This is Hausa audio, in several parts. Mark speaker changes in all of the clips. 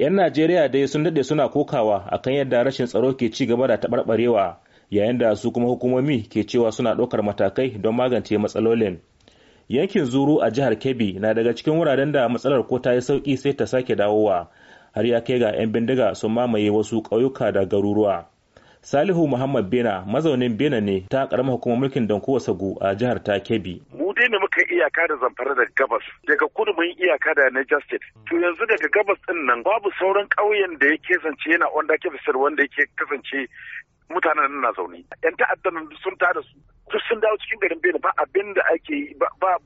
Speaker 1: 'yan najeriya dai sun daɗe suna kokawa akan yadda rashin tsaro ke ci gaba da taɓarɓarewa yayin da su kuma hukumomi ke cewa suna ɗaukar matakai don magance matsalolin yankin zuru a jihar kebbi na daga cikin wuraren da matsalar ko ta yi sauki sai ta sake dawowa har ya kai ga 'yan bindiga sun mamaye wasu ƙauyuka da garuruwa salihu muhammad bena mazaunin bena ne ta ƙaramar hukumar mulkin dankowa sagu a jihar ta kebbi
Speaker 2: daidai ne muka iyaka da zamfara daga gabas daga kudu mun iyaka da na justice hmm. to yanzu daga gabas din nan babu sauran ƙauyen da yake kasance yana wanda ke wanda yake kasance mutanen na zaune yan ta'addan sun tada su duk sun dawo cikin garin bene ba abin da ake yi ba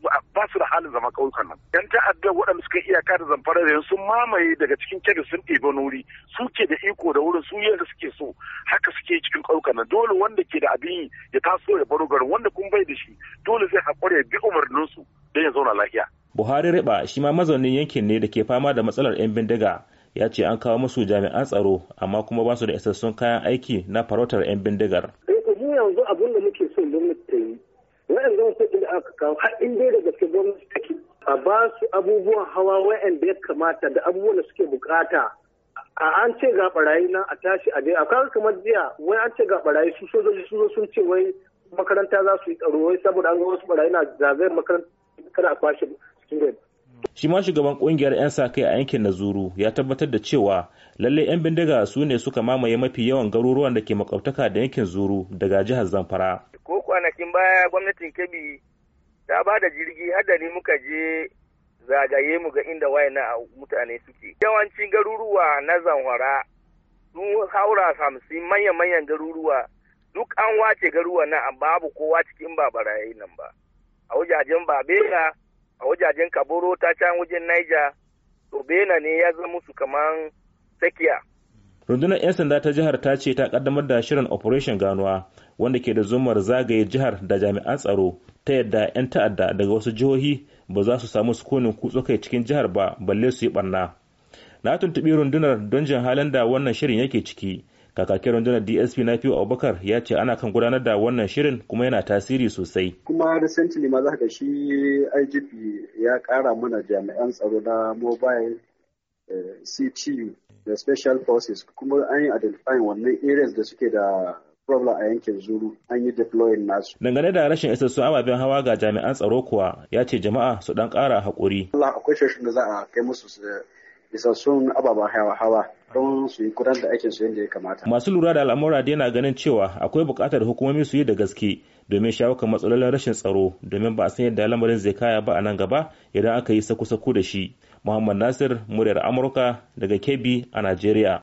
Speaker 2: halin zama ƙauyukan nan yan ta'adda waɗanda suka iyaka da zamfara da sun mamaye daga cikin kebe sun ɗiba nuri suke da iko da wurin su yadda suke so haka suke cikin ƙauyukan nan dole wanda ke da abin ya taso ya baro garin wanda kun bai da shi dole zai haƙura ya bi su don ya zauna lafiya.
Speaker 1: Buhari Riba shi ma mazaunin yankin ne da ke fama da matsalar 'yan bindiga ya ce an kawo musu jami'an tsaro amma kuma ba su da isassun kayan aiki na farautar 'yan bindigar.
Speaker 3: Eh, yanzu abin da muke so gwamnati ta yi kuɗi da aka kawo har in dai da gaske gwamnati take a ba su abubuwan hawa wa'anda ya kamata da abubuwan da suke bukata a an ce ga barayi nan a tashi a dai a kawo kamar jiya wai an ce ga barayi su sojoji su zo sun ce wai makaranta za su yi tsaro wai saboda an ga wasu barayi na zagayar makaranta kada a kwashe student
Speaker 1: shi ma shugaban kungiyar 'yan sa kai a yankin nazuru ya tabbatar da cewa lalle 'yan bindiga su ne suka mamaye mafi yawan garuruwan da ke makwabtaka da yankin zuru daga jihar zamfara
Speaker 3: ko kwanakin baya gwamnatin Kebbi ta ba da jirgi haddani muka je zagaye mu ga inda wayana mutane suke. Yawancin garuruwa na zanwara sun haura hamsin manya-manyan garuruwa duk an wace garuruwa na babu kowa cikin ba barayi nan ba. A wajajen Babena, a wajajen Kaboro ta can wajen Niger, to Bena ne ya zama musu kamar tsakiya.
Speaker 1: rundunar 'yan sanda ta jihar ta ce ta kaddamar da shirin operation ganuwa wanda ke da zumar zagaye jihar da jami'an tsaro ta yadda 'yan ta'adda daga wasu jihohi ba za su samu sukunin kutso kai cikin jihar ba balle su yi barna na tuntuɓi rundunar don jin halin da wannan shirin yake ciki kakakin rundunar dsp na fiye abubakar ya ce ana kan gudanar da wannan shirin kuma yana tasiri sosai
Speaker 4: kuma recently ma za ka shi igp ya kara mana jami'an tsaro na mobile Eh, CTU da Special Forces kuma an yi identify wannan areas da suke da problem a yankin zuru an yi deploying nasu.
Speaker 1: Dangane da rashin isassun ababen hawa ga jami'an tsaro kuwa ya ce jama'a su dan kara haƙuri.
Speaker 4: Allah akwai shashin da za a kai musu eh, isassun ababen hawa don su yi gudanar da aikin su yadda ya kamata.
Speaker 1: Masu lura da al'amura da yana ganin cewa akwai bukatar hukumomi su yi da gaske domin shawo kan matsalolin rashin tsaro domin ba a san yadda lamarin zai kaya ba a nan gaba idan aka yi saku-saku da shi. Muhammad Nasir, muryar Amurka daga Kebbi a Najeriya.